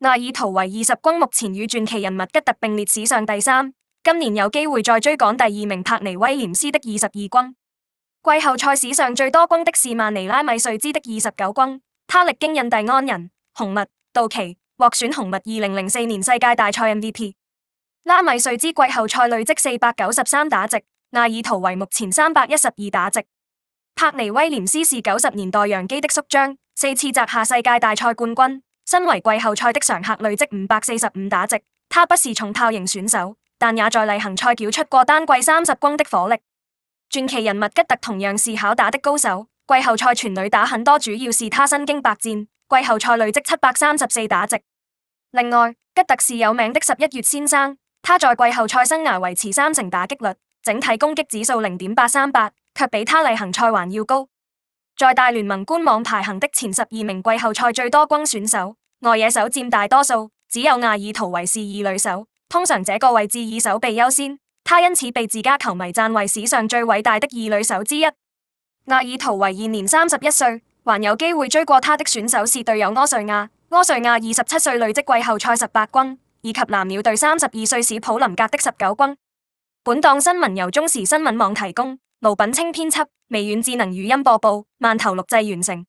艾爾圖維二十轟目前與傳奇人物吉特並列史上第三，今年有機會再追趕第二名柏尼威廉斯的二十二轟。季後賽史上最多轟的是曼尼拉米瑞茲的二十九轟，他歷經印第安人、紅襪、道奇，獲選紅襪二零零四年世界大賽 MVP。拉米瑞茲季後賽累積四百九十三打席，艾爾圖維目前三百一十二打席。柏尼威廉斯是九十年代洋基的宿將，四次摘下世界大賽冠軍。身為季後賽的常客，累積五百四十五打席。他不是重炮型選手，但也在例行賽繳出過單季三十轟的火力。傳奇人物吉特同樣是巧打的高手，季後賽全壘打很多，主要是他身經百戰。季後賽累積七百三十四打席。另外，吉特是有名的十一月先生，他在季後賽生涯維持三成打擊率，整體攻擊指數零點八三八，卻比他例行賽還要高。在大聯盟官網排行的前十二名季後賽最多轟選手，外野手占大多數，只有亞爾圖維是二壘手。通常這個位置以守備優先，他因此被自家球迷贊為史上最偉大的二壘手之一。亞爾圖維現年三十一歲，還有機會追過他的選手是隊友柯瑞亞。柯瑞亞二十七歲，累積季後賽十八轟，以及藍鳥隊三十二歲史普林格的十九轟。本檔新聞由中時新聞網提供。盧品清編輯，微軟智能語音播報，萬頭錄製完成。